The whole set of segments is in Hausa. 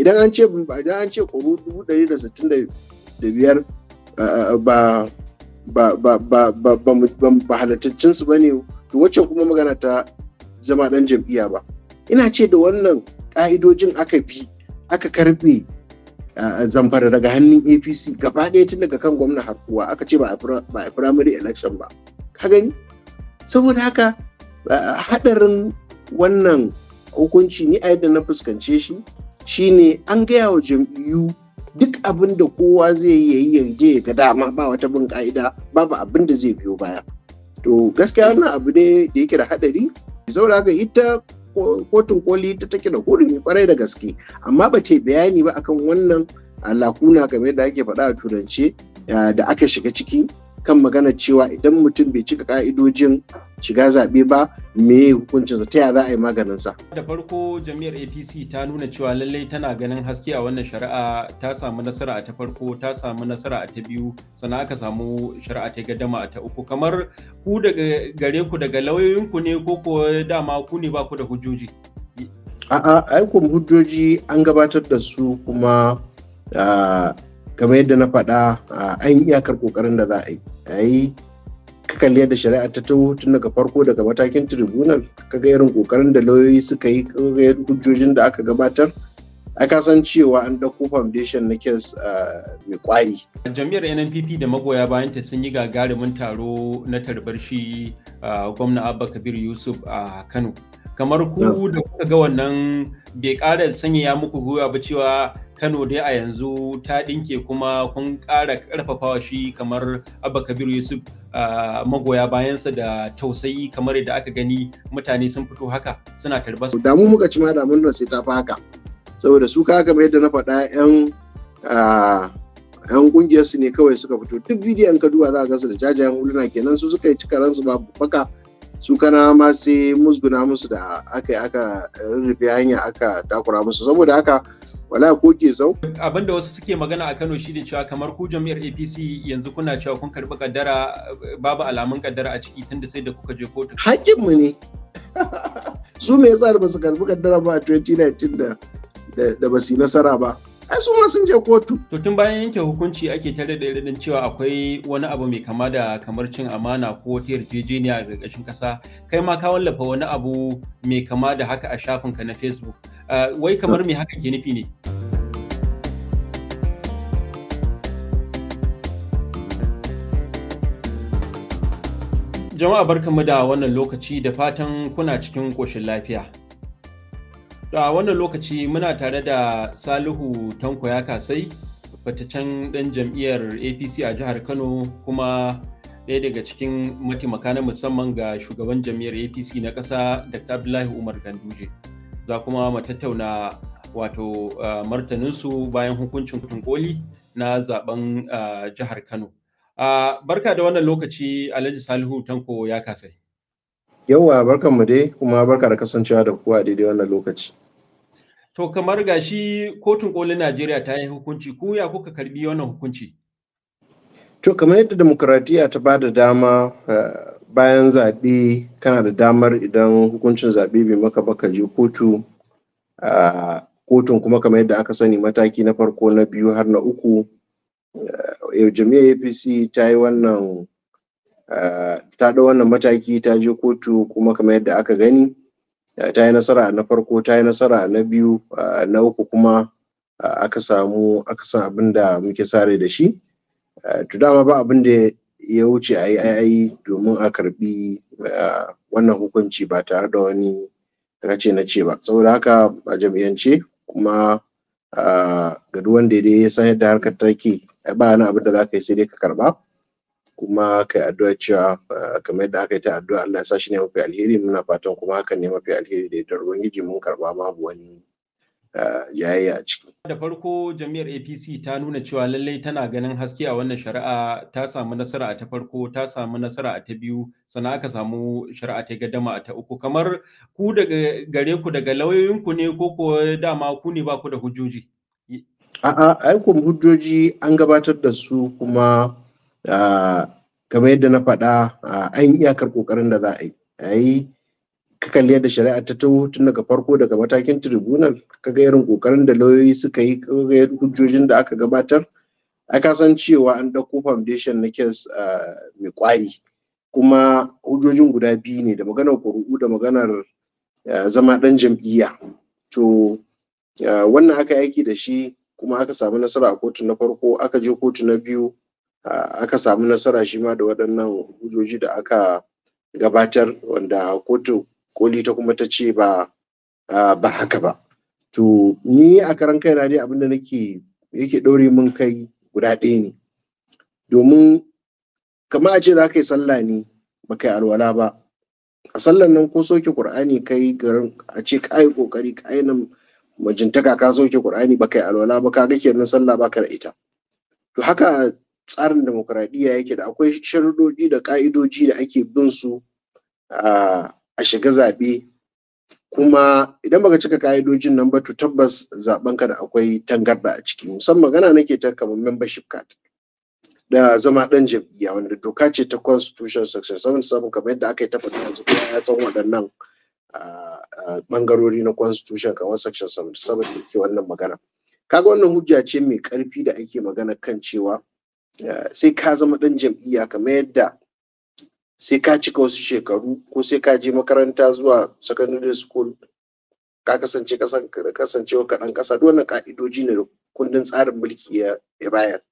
idan an ce idan an ce biyar ba ba ba ba ba su bane to wacce kuma magana ta zama ɗan jam'iyya ba ina ce da wannan ƙa'idojin aka bi aka karɓe zamfara daga hannun apc gaba ɗaya tun daga kan gwamna har kowa aka ce ba a primary election ba ka gani saboda haka haɗarin wannan hukunci ni a yadda na fuskance shi shine an gaya wa jam'iyyu duk abin da kowa zai yi yarje ya ga dama ba wata bin ka'ida babu abin da zai biyo baya to gaskiya wannan abu ne da yake da hadari zaura ga ita kotun koli ta take da hurumi kwarai da gaske amma ba ce bayani ba akan wannan lakuna game da ake faɗa a turance eh, da aka shiga ciki kan magana cewa idan mutum bai cika ka'idojin shiga zaɓe ba me hukuncinsa ta yaya za a yi maganinsa. Da farko jami'ar APC ta nuna cewa lallai tana ganin haske a wannan shari'a ta samu nasara a ta farko ta samu nasara a ta biyu sannan aka samu shari'a ta gadama a ta uku kamar ku daga gare ku daga lauyoyinku ne ko ko dama ku ne ba ku da hujjoji. A'a aikun hujjoji an gabatar da su kuma ah, kamar yadda na faɗa ah, an iyakar ƙoƙarin da za a yi. yayi ka kalli yadda shari'a ta taho tun daga farko daga matakin tribunal kaga irin kokarin da lauyoyi suka yi kaga hujjojin da aka gabatar aka san cewa an ɗauko foundation na kes ah, mai kwari. Jami'ar NNPP da magoya bayanta sun yi gagarumin taro na tarbar shi ah, gwamna Abba Kabir Yusuf a Kano. Kamar ku da kuka ga wannan bai kara sanya muku gwiwa ba cewa Kano dai a yanzu ta dinke kuma kun kara ƙarfafawa shi kamar Abba Kabir Yusuf magoya bayansa da tausayi kamar yadda aka gani mutane sun fito haka suna tarba su. Damu muka ci ma damun nan sai ta fi haka. Saboda su ka kamar yadda na faɗa 'yan yan kungiyar su ne kawai suka fito duk bidiyon ka kaduwa za ka su da jajayen huluna kenan su suka yi cikaran su babu baka su kana ma sai musguna musu da aka aka rufe hanya aka takura musu saboda haka wala ko ke zau. Abin da wasu suke magana a Kano shi da cewa kamar ku jami'ar APC yanzu kuna cewa kun karbi kaddara babu alamun kaddara a ciki tunda sai da kuka je kotu. mu ne. Su me yasa da ba su karɓi kaddara ba a 2019 da da ba su yi nasara ba. ai su ma sun je kotu. To tun bayan yanke hukunci ake tare da irin cewa akwai wani abu mai kama da kamar cin amana ko wata yarjejeniya a ƙarƙashin ƙasa kai ma ka wallafa wani abu mai kama da haka a shafinka na Facebook. Ah, wai kamar mai haka ke nufi ne? Jama'a barkanmu da wannan lokaci da fatan kuna cikin ƙoshin lafiya. a wannan lokaci muna tare da salihu tanko ya kasai fataccen ɗan jam'iyyar apc a jihar kano kuma ɗaya daga cikin mataimaka na musamman ga shugaban jam'iyyar apc na ƙasa da abdullahi umar ganduje za kuma mu tattauna wato martaninsu bayan hukuncin kutun koli na zaben jihar kano barka da wannan lokaci alhaji salihu tanko ya kasai yauwa barkan dai kuma barka da kasancewa da kuwa daidai wannan lokaci To kamar ga shi kotun kolin Najeriya ta yi hukunci ku ya kuka karbi wannan hukunci? To kamar yadda demokuratiya ta ba da dama eh, bayan zaɓe kana da damar idan hukuncin zaɓe bai maka ba ka je kotu kotun kuma kamar yadda aka sani mataki na farko na biyu har na uku eh, jami'ar apc ta yi wannan eh, ta ɗau wannan mataki ta je kotu kuma kamar yadda aka gani Eh, ta yi nasara na farko ta yi nasara na biyu eh, na uku kuma eh, aka samu aka sa abin da muke sare da shi to dama ba abin da ya wuce a yi ai domin a karbi wannan hukunci ba tare da wani ce na ce ba saboda haka a jam'iyyance kuma ga duk ya san yadda harkar take ba wani abin da za ka yi sai dai ka karba kuma kai addu'a cewa eh, kamar yadda aka yi ta addu'a Allah ya sa shi ne mafi alheri muna fatan kuma hakan ne mafi alheri da yardar ubangiji mun karba babu wani eh, jayayya a ciki. Da farko jami'ar APC ta nuna cewa lallai tana ganin haske a wannan shari'a ta samu nasara a ta farko ta samu nasara a ta biyu sannan aka samu shari'a ta gadama a ta uku kamar ku daga gare ku daga lauyoyinku ne ko ko dama ku ne ba ku da hujjoji. A'a aikun hujjoji an gabatar da su kuma Ah, kamar yadda na faɗa ah, an yi iyakar ƙoƙarin da za a yi a yi ka kalli yadda shari'a ta taho tun daga farko daga matakin tribunal kaga irin ƙoƙarin da lauyoyi suka yi kaga hujjojin da aka gabatar aka san cewa an ɗauko foundation na kes ah, mai ƙwari kuma hujjojin guda biyu ne da maganar ƙuri'u da maganar zama ɗan jam'iyya to wannan aka aiki da shi kuma aka samu nasara a kotu na farko aka je kotu na biyu aka samu nasara shi ma da waɗannan hujjoji da aka gabatar wanda kotu koli ta kuma ta ce ba ba haka ba to ni a karan kaina ne abinda nake yake ɗaure mun kai guda ɗaya ne domin kama a ce za ka yi sallah ne ba kai alwala ba a sallan nan ko soke ƙur'ani kai garin a ce ka yi ƙoƙari ka yi nan majintaka ka soke ƙur'ani ba kai alwala ba ka ga kenan sallah ba ka da ita to haka tsarin demokradiyya yake da akwai sharuɗoɗi da ƙa'idoji da ake bin su a shiga zaɓe kuma idan baka cika ƙa'idojin nan ba to tabbas zaɓenka da akwai tangarda a ciki musamman magana nake ta kamar membership card da zama ɗan jam'iyya wanda doka ce ta constitution section 77 kamar yadda aka yi ta faɗi yanzu kuma ya san waɗannan ɓangarori na constitution kamar section 77 da ke wannan magana kaga wannan hujja ce mai ƙarfi da ake magana kan cewa Eh, sai ka zama ɗan jam'iyya kamar yadda sai ka cika wasu shekaru ko sai ka je makaranta zuwa secondary school ka kasance kasancewa kaɗan ƙasa duk wannan ka'idoji ne da kundin tsarin mulki ya bayar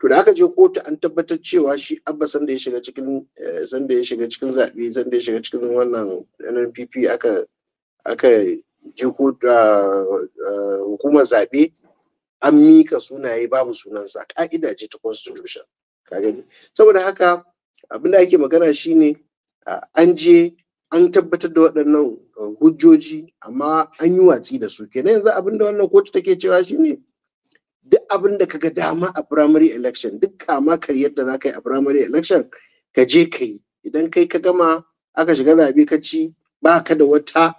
to da aka je kotu an tabbatar cewa shi abba sanda ya shiga cikin eh, sanda ya shiga cikin zaɓe sanda ya shiga cikin wannan NNPP aka aka je ah, ah, hukumar zaɓe an mika sunaye babu sunansa ka'ida ce ta constitution ka gani saboda haka abin da ake magana shine an je an tabbatar da waɗannan hujjoji amma an yi watsi da su kenan yanzu abin da wannan kotu take cewa shine duk abin da kaga dama a primary election duk kama karyar da za ka yi a primary election ka je ka yi idan kai ka gama aka shiga zabe ka ci ba ka da wata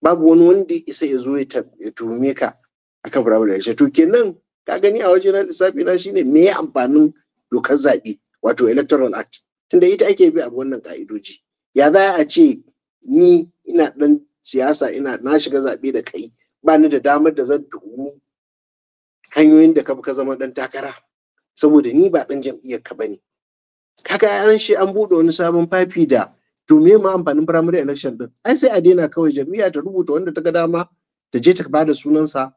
babu wani wanda isa ya zo ya tuhume ka akan firamare Aisha. to kenan ka gani a waje na lissafi na shine me ya amfanin dokar zaɓe wato electoral act tunda ita ake bi a wannan ka'idoji ya za a ce ni ina dan siyasa ina na shiga zaɓe da kai ba ni da damar da zan tuhumi hanyoyin da ka ka zama dan takara saboda ni ba dan jam'iyyar ka bane kaga an shi an buɗe wani sabon fafi da to me ma amfanin primary election din ai sai a daina kawai jam'iyya ta rubuta wanda ta ga dama ta je ta bada sunansa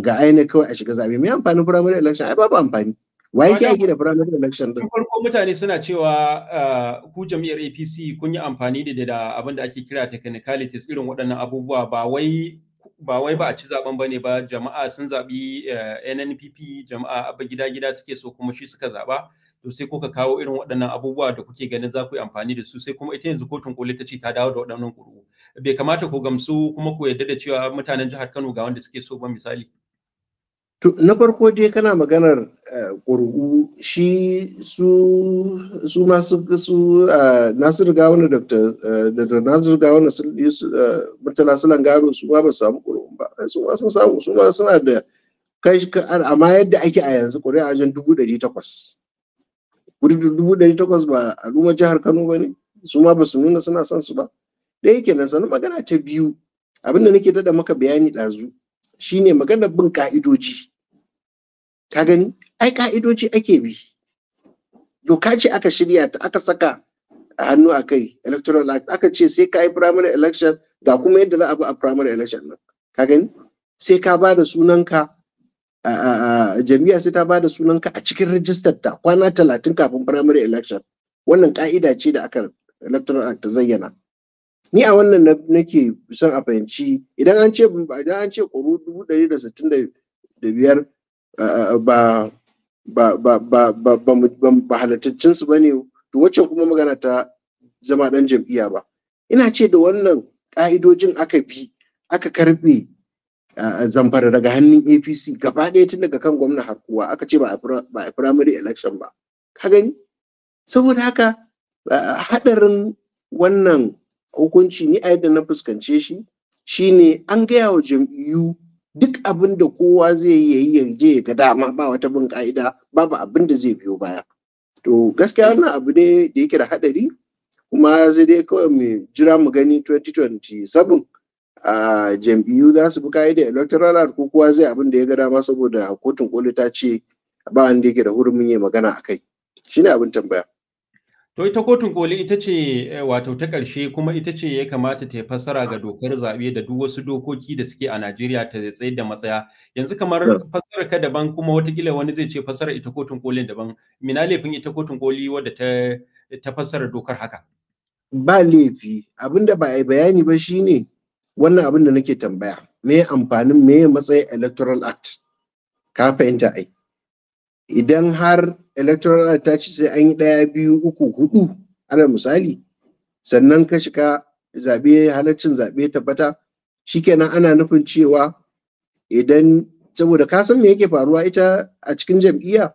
ga ainihin kawai a shiga zaɓe mai amfanin primary election ai babu amfani wa yake aiki da primary election din farko mutane suna cewa uh, ku jami'ar APC kun yi amfani da da abin da ake kira technicalities irin waɗannan abubuwa ba wai ba wai ba a ci zaben bane ba jama'a sun zaɓi uh, NNPP jama'a abin gida gida suke so kuma shi suka zaɓa to sai ko ka kawo irin waɗannan abubuwa da kuke ganin za ku yi amfani da su sai kuma ita yanzu kotun koli ta ce ta dawo da waɗannan ƙuri'u bai kamata ku gamsu kuma ku yarda da cewa mutanen jihar Kano ga wanda suke so ba misali To na farko dai kana maganar eh, ƙuri'u shi su su masu su Nasiru riga eh, wani Nasiru Gawuna eh, Murtala Sulan Garo su ma ba samu ƙuri'u ba su ma sun samu su ma suna da kai amma yadda ake a yanzu ƙuri'a wajen dubu ɗari takwas gurbi dubu ɗari takwas ba al'ummar jihar kano ba ne su ma ba su nuna suna son su ba yake kenan Sani magana ta biyu abin da nake dada maka bayani ɗazu shine magana bin ka'idoji ka gani ai ka'idoji ake bi doka ce aka shirya ta aka saka a hannu a kai electoral act aka ce sai ka yi primary election ga kuma yadda za a bi a primary election ka gani sai ka ba da sunanka jam'iyya sai ta bada sunanka a cikin rijistar ta kwana talatin kafin primary election wannan ka'ida ce da aka electoral act zayyana ni a wannan nake son a fahimci idan an ce idan an ce ƙoro dubu ɗari da sittin da biyar ba ba ba ba ba ba su bane to wacce kuma magana ta zama ɗan jam'iyya ba ina ce da wannan ƙa'idojin aka bi aka karɓe zamfara daga hannun apc gaba ɗaya tun daga kan gwamna har aka ce ba a primary election ba ka gani saboda haka haɗarin wannan hukunci ni a yadda na fuskance shi shine an gaya wa jam'iyyu duk abin da kowa zai yi ya je ga dama ba wata bin ka'ida babu abin da zai biyo baya to gaskiya wannan abu ne da yake da haɗari kuma zai dai kawai mu jira mu gani 2027 a jam'iyyu za su bi ka'ida electoral act ko kowa zai abin da ya ga dama saboda kotun koli ta ce ba wanda yake da hurumin yi magana a kai shine abin tambaya to ita kotun koli ita ce eh, wato ta karshe kuma ita ce ya kamata ta fassara ga dokar zaɓe da duk wasu dokoki da suke a Najeriya ta tsayar da matsaya yanzu kamar fassara ka daban kuma watakila wani zai ce fassara ita kotun kolin daban mina laifin ita kotun koli wadda ta ta fassara dokar haka ba laifi abinda ba a yi bayani ba shine wannan abin da nake tambaya me amfanin me matsayin electoral act ka fahimta ai idan har electoral act ta ce sai an yi ɗaya biyu uku huɗu, alal misali sannan ka shiga zaɓe halaccin zaɓe tabbata kenan ana nufin cewa idan saboda ka san me yake faruwa ita a cikin jam'iyya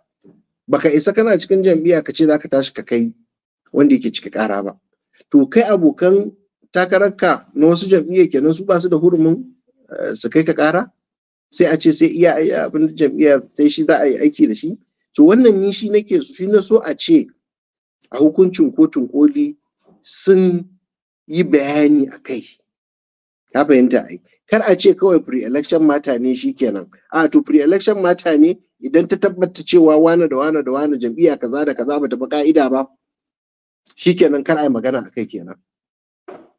baka isa kana cikin jam'iyya ka ce za ka tashi ka kai wanda yake cika ƙara ba to kai abokan takararka na wasu jam'iyya kenan su ba su da hurumin eh, su kai ka kara sai a ce sai iya abin da jam'iyyar sai shi za a yi aiki da shi to wannan ni shi nake shi na so a ce a hukuncin kotun koli sun yi bayani a kai ka fahimta ai kar a ce kawai pre-election mata ne shi kenan a to pre-election mata ne idan ta tabbata cewa wane da wane da wane jam'iyya kaza da kaza bata ba ka'ida ba shi kenan kar a yi magana a kai kenan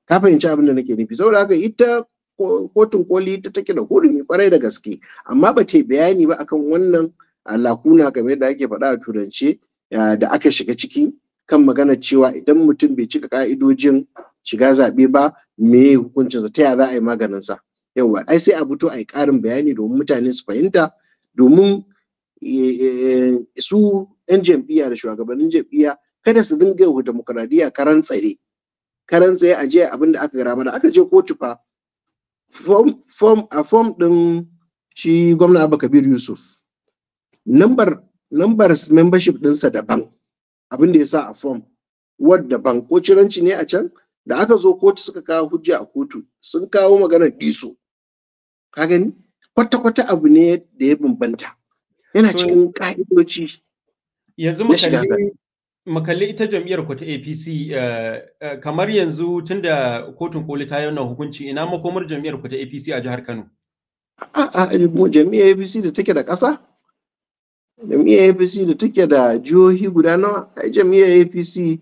ka fahimci abin da nake nufi saboda haka ita kotun koli ta take da hurumi kwarai da gaske amma ba ta bayani ba akan wannan lakuna game da ake faɗa a turance da aka shiga ciki kan magana cewa idan mutum bai cika ka'idojin shiga zaɓe ba me hukuncinsa ta ya za a yi maganin sa yauwa ai sai a fito a yi ƙarin bayani domin mutane su fahimta domin e, e, e, su 'yan jam'iyya da shugabannin jam'iyya kada su dinga yau demokradiyya karan tsare karan tsaye a jiya abin da aka gara mana aka je kotu fa form a form din shi gwamna Abba Kabir Yusuf number number membership dinsa daban abin da ya a form ward daban ko ciranci ne a can da aka zo kotu suka kawo hujja a kotu sun kawo magana diso ka gani kwata-kwata abu ne da ya bambanta yana cikin ka'idoci yanzu mu makalli ita jam'iyyar ku ta APC eh, eh, kamar yanzu tunda kotun koli ta yi wannan hukunci ina makomar jam'iyyar ku ta APC a jihar Kano a'a jam'iyyar APC da take da ƙasa jam'iyyar APC da take da jihohi guda nawa ai jam'iyyar APC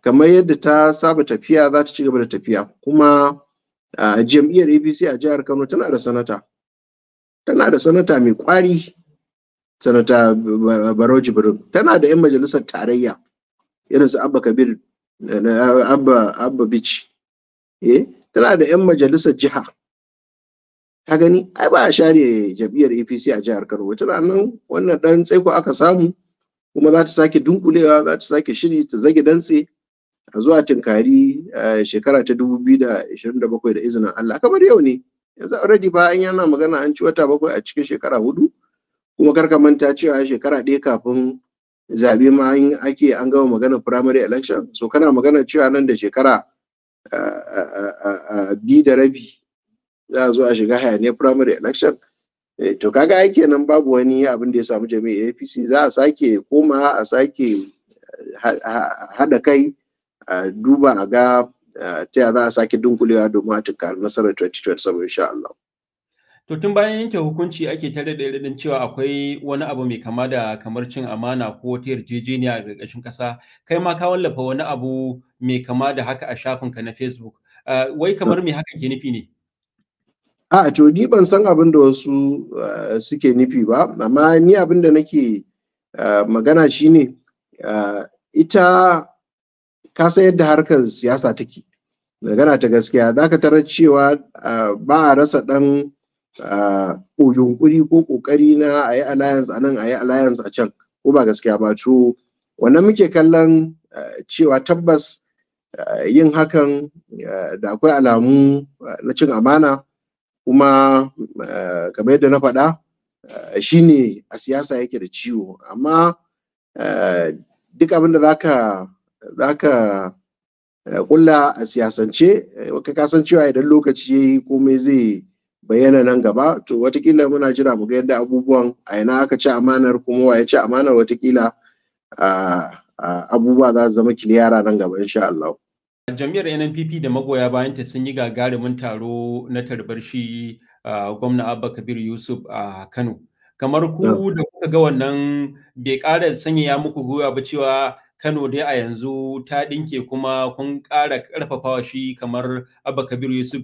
kamar yadda ta saba tafiya za ta ci gaba da tafiya kuma jam'iyyar APC a jihar Kano tana da sanata tana da sanata mai kwari sanata barau jibrin tana da 'yan majalisar tarayya irin su abba kabir eh, abba abba eh tana da 'yan majalisar jiha ka gani ai ba a share jam'iyyar apc a jihar kano tana nan wannan dan tsaiko aka samu kuma za ta sake dunkulewa za ta sake shiri ta zage dantse a zuwa tinkari eh, shekara ta 2027 da izinin allah kamar yau ne yanzu already ba an yana magana an ci wata bakwai a cikin shekara hudu kuma kar ka manta cewa shekara ɗaya kafin zaɓe ma in ake an gama magana primary election so kana magana cewa nan da shekara bi da rabi za a zo a shiga hayaniyar primary election eh, to kaga ai nan babu wani abin da ya samu jami'in apc za a sake koma a sake haɗa kai a duba a ga ta za a sake dunkulewa domin a tunkari nasarar 2027 insha Allah. To tun bayan yanke hukunci ake tare da irin cewa akwai wani abu mai kama da kamar cin amana ko wata yarjejeniya a ƙarƙashin ƙasa, kai ma ka wallafa wani abu mai kama da haka a shafinka na Facebook. Ah, wai kamar me haka ke nufi ne? A to ni ban san abin da wasu ah, suke nufi ba, amma ni abin da nake ah, magana shi ne, ita ka san yadda harkar siyasa take. Magana ta gaskiya, za ka tarar cewa ba a rasa ɗan Ah, yunkuri ko ƙoƙari na a yi alliance a nan a yi alliance a can ko ba gaskiya ba to wannan muke kallon eh, cewa tabbas eh, yin hakan eh, da akwai alamu na cin amana kuma kamar yadda na faɗa shine a siyasa yake da ciwo amma duk abin da zaka zaka kulla a siyasance ka kasan cewa idan lokaci ya yi komai zai bayyana nan gaba to watakila muna jira mu ga yadda abubuwan a ina aka ci amanar kuma wa ya ci amanar watakila abubuwa za su zama kiliyara nan gaba insha Allah. Jami'ar NNPP da magoya bayanta sun yi gagarumin taro na tarbar shi gwamna Abba Kabir Yusuf a Kano. Kamar ku da kuka ga wannan bai ƙara sanyaya muku goya ba cewa Kano dai a yanzu ta ɗinke kuma kun ƙara ƙarfafawa shi kamar Abba Kabir Yusuf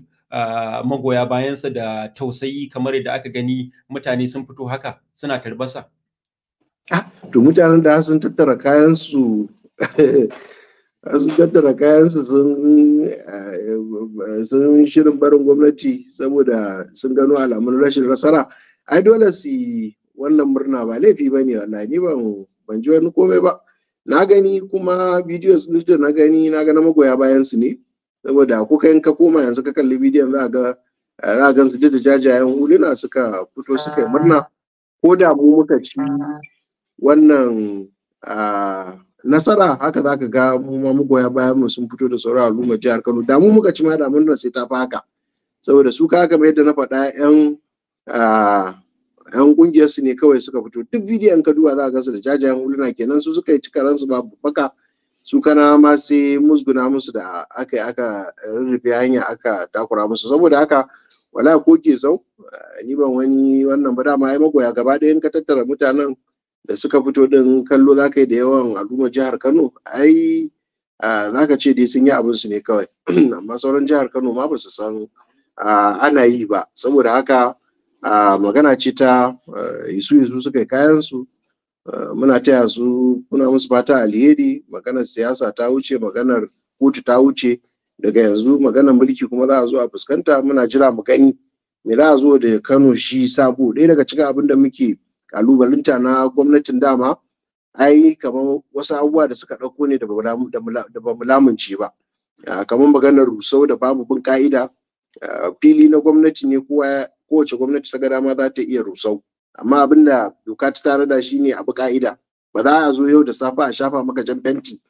magoya bayansa da tausayi kamar yadda aka gani mutane sun fito haka suna tarbasa ah, to mutanen da sun tattara kayansu sun tattara eh, kayansu sun shirin barin gwamnati saboda sun gano alamun rashin rasara ai dole su wannan murna ba laifi ba ne wallahi ni ban ban ji wani komai ba na gani kuma bidiyo da na gani na ga na magoya bayansu ne saboda kuka in ka koma yanzu ka kalli bidiyon za ga eh, za ga su da jajayen huluna suka fito suka yi murna ko da mu muka ci wannan ah, nasara haka za ka ga mu ma mu goya bayan mu sun fito da sauran al'ummar jihar Kano da mu muka ci ma da mun sai ta fi haka saboda su ka kamar yadda na faɗa yan yan ah, kungiyar su ne kawai suka fito duk bidiyon ka duwa za ka ga da jajayen huluna kenan su suka yi cikaransu babu baka su kana ma sai musguna musu da aka yi aka rufe hanya aka takura musu saboda haka wala ko ke zau eh, ni ban wani wannan ba dama ai magoya gaba ɗaya in ka tattara mutanen da suka fito din kallo za ka da yawan al'ummar jihar kano ai eh, za ka ce dai sun yi abin su ne kawai amma sauran jihar kano ma ba su san eh, ana yi ba saboda haka magana ce ta yisu yisu suka yi kayan su Eh, muna taya su muna musu fata alheri maganar siyasa ta wuce maganar kotu ta wuce daga yanzu maganar mulki kuma za a zo a fuskanta muna jira mu gani me za a zo da kano shi sabo ɗaya daga cikin abin da muke kalubalinta na gwamnatin dama ai kamar wasu abubuwa da suka ɗauko ne da ba mu ba kamar maganar rusau da babu bin ka'ida eh, fili na gwamnati ne kowace gwamnati ta ga dama za ta iya rusau amma abin da doka ta tare da shi ne abu ka'ida ba za a zo yau da safe a shafa maka jan fenti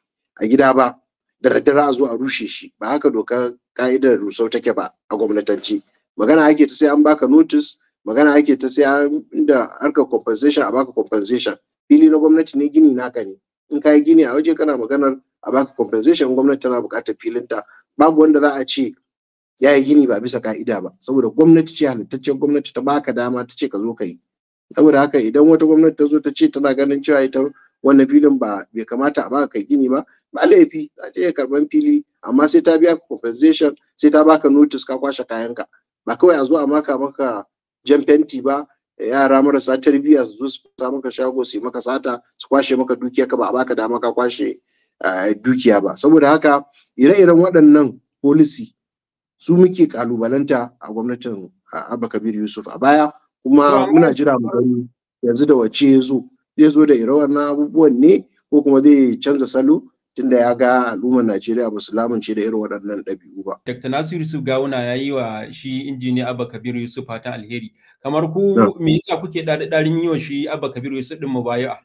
a gida ba da daddare a zo a rushe shi ba haka doka ka'idar rusau take ba a gwamnatanci magana ake ta sai an baka notice magana ake ta sai an inda harkar compensation a baka compensation fili na gwamnati ne gini naka ne in ka yi gini a waje kana maganar a baka compensation gwamnati tana buƙatar filinta babu wanda za a ce ya yi gini ba bisa ka'ida ba saboda gwamnati ce halittacciyar gwamnati ta baka dama ta ce ka zo ka yi saboda haka idan wata gwamnati ta zo ta ce tana ganin cewa ita wannan filin ba bai kamata a baka kai gini ba ba laifi za ta iya karban fili amma sai ta biya compensation sai ta baka notice ka kwashe kayanka ba kawai a zo a maka maka jan fenti ba yara marasa tarbiyya su zo su fasa maka shago su yi maka sata su kwashe maka dukiya ka ba a baka dama ka kwashe eh, dukiya ba saboda haka ire-iren waɗannan policy su muke kalubalanta a gwamnatin abba kabir yusuf a baya kuma muna jira mu gani yanzu da wace ya zo zai zo da irin na abubuwan ne ko kuma zai canza salo tunda ya ga al'ummar Najeriya ba su lamunce da irin waɗannan ɗabi'u ba. Dr. Nasiru Yusuf Gawuna ya yi wa shi injiniya Abba Kabiru Yusuf fatan alheri. Kamar ku me yasa kuke ɗarin yi wa shi Abba Kabiru Yusuf ɗin a?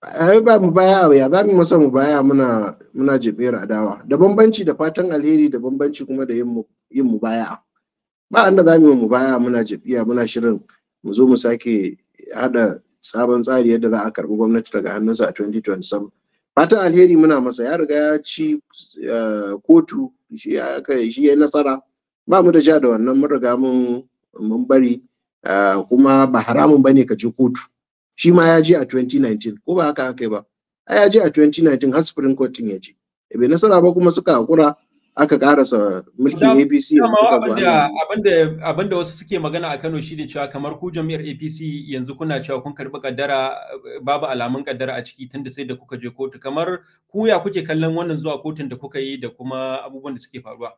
ai ba mu baya ya za mu masa mu baya muna muna jibiyar adawa da bambanci da fatan alheri da bambanci kuma da yin mu baya ba anda za mu yi mu baya muna jabiya muna shirin mu zo mu sake hada sabon tsari yadda za a karbi gwamnati daga hannunsa a 2027 fatan alheri muna masa ya riga ya ci kotu shi ya shi ya nasara ba mu da ja da wannan mun riga mun bari kuma ba haramun bane ka je kotu shi ma ya je a 2019 ko ba haka aka yi ba ya je a 2019 har supreme court ya je bai nasara ba kuma suka hakura aka karasa mulkin APC abinda wasu suke magana a Kano shi da cewa kamar ku Jami'ar APC yanzu kuna cewa kun karbi kaddara babu alamun kaddara a ciki tunda sai da kuka je kotu kamar ku ya kuke kallon wannan zuwa kotun da kuka yi da kuma abubuwan da suke faruwa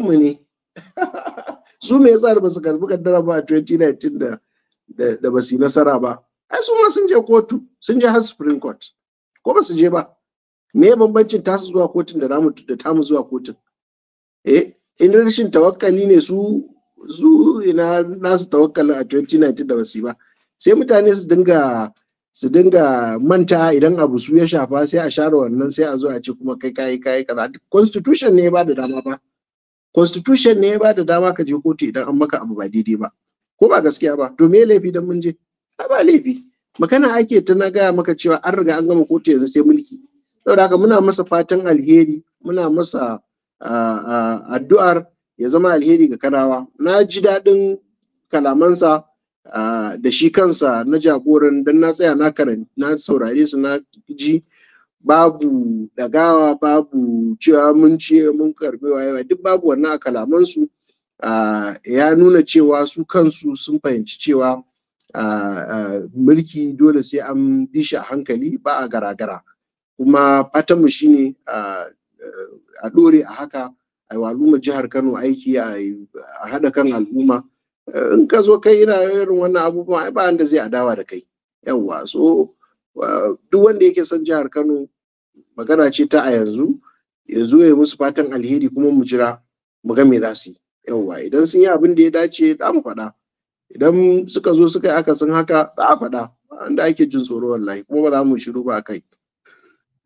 mu ne su me yasa da basu karbi kaddara ba a 2019 da da, da su yi nasara ba ai su ma sun je kotu sun je har Supreme Court ko ba su je ba me bambancin tasu zuwa kotun da namu da tamu zuwa kotun eh in rashin tawakkali ne su su ina nasu tawakkalin a 2019 da basu ba sai mutane su dinga su dinga manta idan abu su ya shafa sai a share wannan sai a zo a ce kuma kai kai kai kaza constitution ne ya ba da dama ba constitution ne ya ba da dama ka je kotu idan an maka abu ba daidai ba ko ba gaskiya ba to me laifi dan mun je ba laifi magana ake ta na gaya maka cewa an riga an gama kotu yanzu sai mulki saboda haka muna masa fatan alheri muna masa addu'ar ya zama alheri ga karawa na ji daɗin kalamansa da shi kansa na jagoran don na tsaya na na su na ji babu ɗagawa babu cewa mun ce mun karbi wayewa duk babu wannan a kalamansu ya nuna cewa su kansu sun fahimci cewa mulki dole sai an bi shi a hankali ba a gara-gara kuma fatan fatanmu shine a ɗore a haka a yi al'ummar jihar kano aiki a haɗa kan al'umma in ka zo kai ina irin wannan abubuwan ai ba wanda zai adawa da kai yawwa so duk wanda yake son jihar kano magana ce ta a yanzu ya zo musu fatan alheri kuma mu jira mu ga me za su yi yawwa idan sun yi abin da ya dace za mu faɗa idan suka zo suka yi akasin haka za a faɗa wanda ake jin tsoro wallahi kuma ba za mu shiru ba a kai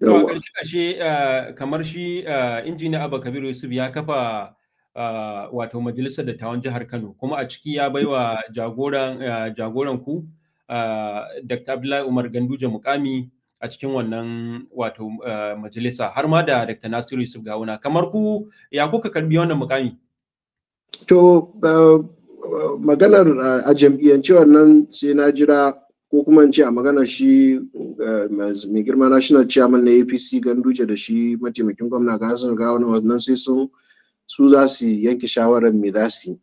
Eh, kamar shi eh, injiniya Abba Kabiru Yusuf ya kafa eh, wato majalisar dattawan jihar Kano kuma a ciki ya baiwa jagoran jagoran ku Dr. Abdullahi Umar Ganduje mukami a cikin wannan wato majalisa har ma da Dr. Nasiru Yusuf Gawuna kamar ku ya kuka karbi wannan mukami? To maganar a jam'iyyance wannan sai na jira ko kuma ce a magana shi eh, mai girma national chairman na apc ganduje da shi mataimakin gwamna ga hasan ga wani wannan sai sun su za su yanke shawarar me za su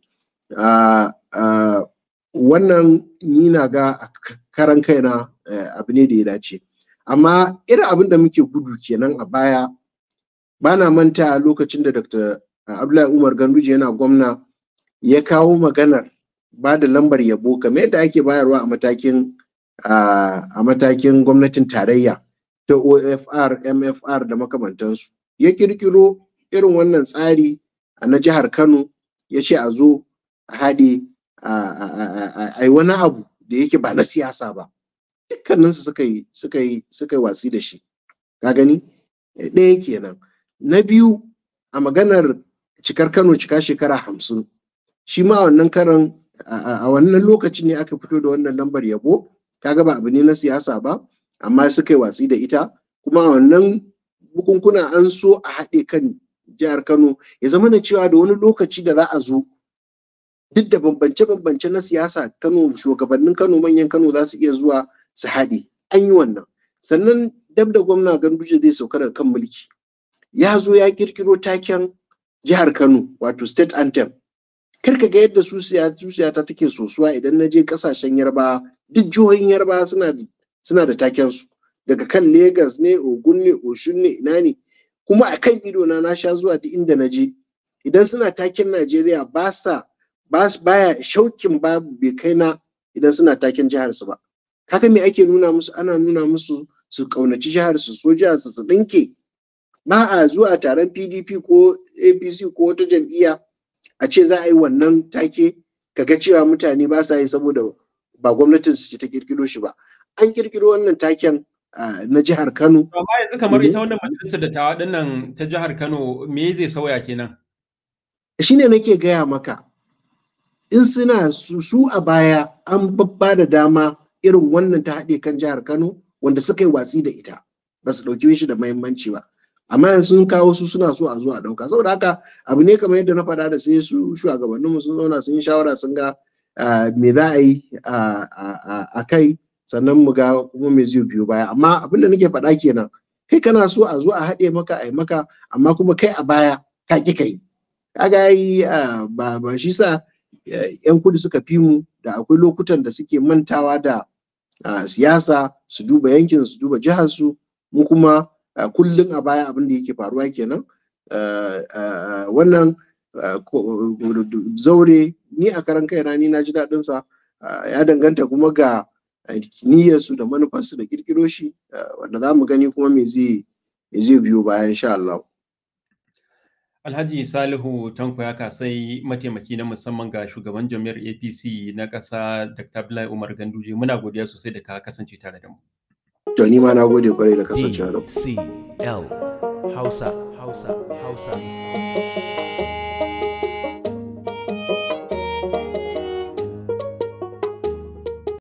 wannan ni na ga a karan kaina eh, abu ne da ya dace amma irin abin da muke gudu kenan a baya ba na manta lokacin da dr abdullahi umar ganduje yana gwamna ya kawo maganar ba da lambar yabo kamar yadda ake bayarwa a matakin a matakin gwamnatin tarayya ta OFR, MFR da makamantansu. Ya ƙirƙiro irin wannan tsari na jihar Kano ya ce a zo a haɗe a yi wani abu da yake ba na siyasa ba. Dukkaninsu suka yi suka yi suka yi watsi da shi. Ka gani? Eh, ɗaya kenan. Na biyu a maganar cikar Kano cika shekara hamsin. Shi ma wannan karan a wannan lokacin ne aka fito da wannan lambar yabo kaga ba abu ne na siyasa ba amma suka yi watsi da ita kuma wannan bukunkuna an so a haɗe kan jihar Kano ya zama na cewa da wani lokaci da za a zo duk da bambance-bambance na siyasa Kano shugabannin Kano manyan Kano za su iya zuwa su haɗe an yi wannan sannan dab da gwamna Ganduje zai sauka daga kan mulki ya zo ya kirkiro taken jihar Kano wato state anthem kar ka ga yadda su zuciyata take sosuwa idan na je kasashen yarba duk jihohin yarba suna da suna da taken su daga kan Legas ne Ogun ne Oshun ne ina ne kuma a kan ido na na sha zuwa duk inda na je idan suna taken Najeriya ba sa baya shaukin ba bai kai na idan suna taken jihar su ba haka me ake nuna musu ana nuna musu su kaunaci jihar su soja su su dinke ba a zuwa taron PDP ko APC ko wata jam'iyya a ce za a yi wannan take kaga cewa mutane ba sa yi saboda ba gwamnatin su ce ta kirkiro shi ba an kirkiro wannan taken na jihar Kano amma yanzu kamar ita mhm. wannan majalisar da din nan ta jihar Kano me zai sauya kenan shine nake gaya maka in suna su, a baya an babba da dama irin wannan ta haɗe kan jihar Kano wanda suka yi watsi da ita ba su ɗauki shi da mahimmanci ba amma yanzu sun kawo su suna so a zo a ɗauka saboda haka abu ne kamar yadda na faɗa da sai su shugabanninmu sun zauna sun yi shawara sun ga me za a yi a kai sannan mu ga kuma me zai biyo baya amma abin da nake faɗa kenan kai kana so a zo a haɗe maka a yi maka amma kuma kai a baya ka ƙi kai kaga yi ba ba shi sa yan kudu suka fi mu da akwai lokutan da suke mantawa da siyasa su duba yankin su duba jihar mu kuma kullum a baya abin da yake faruwa kenan wannan zaure ni a karan kaina ni na ji daɗin sa ya danganta kuma ga niyyarsu da manufarsu da kirkiro shi wanda za mu gani kuma me zai zai biyo bayan sha Allah Alhaji Salihu Tanko ya kasai mataimaki na musamman ga shugaban jami'ar APC na ƙasa Dr. Bilai Umar Ganduje muna godiya sosai da ka kasance tare da mu. To ni ma na gode kwarai da kasancewa da ku. Hausa Hausa Hausa.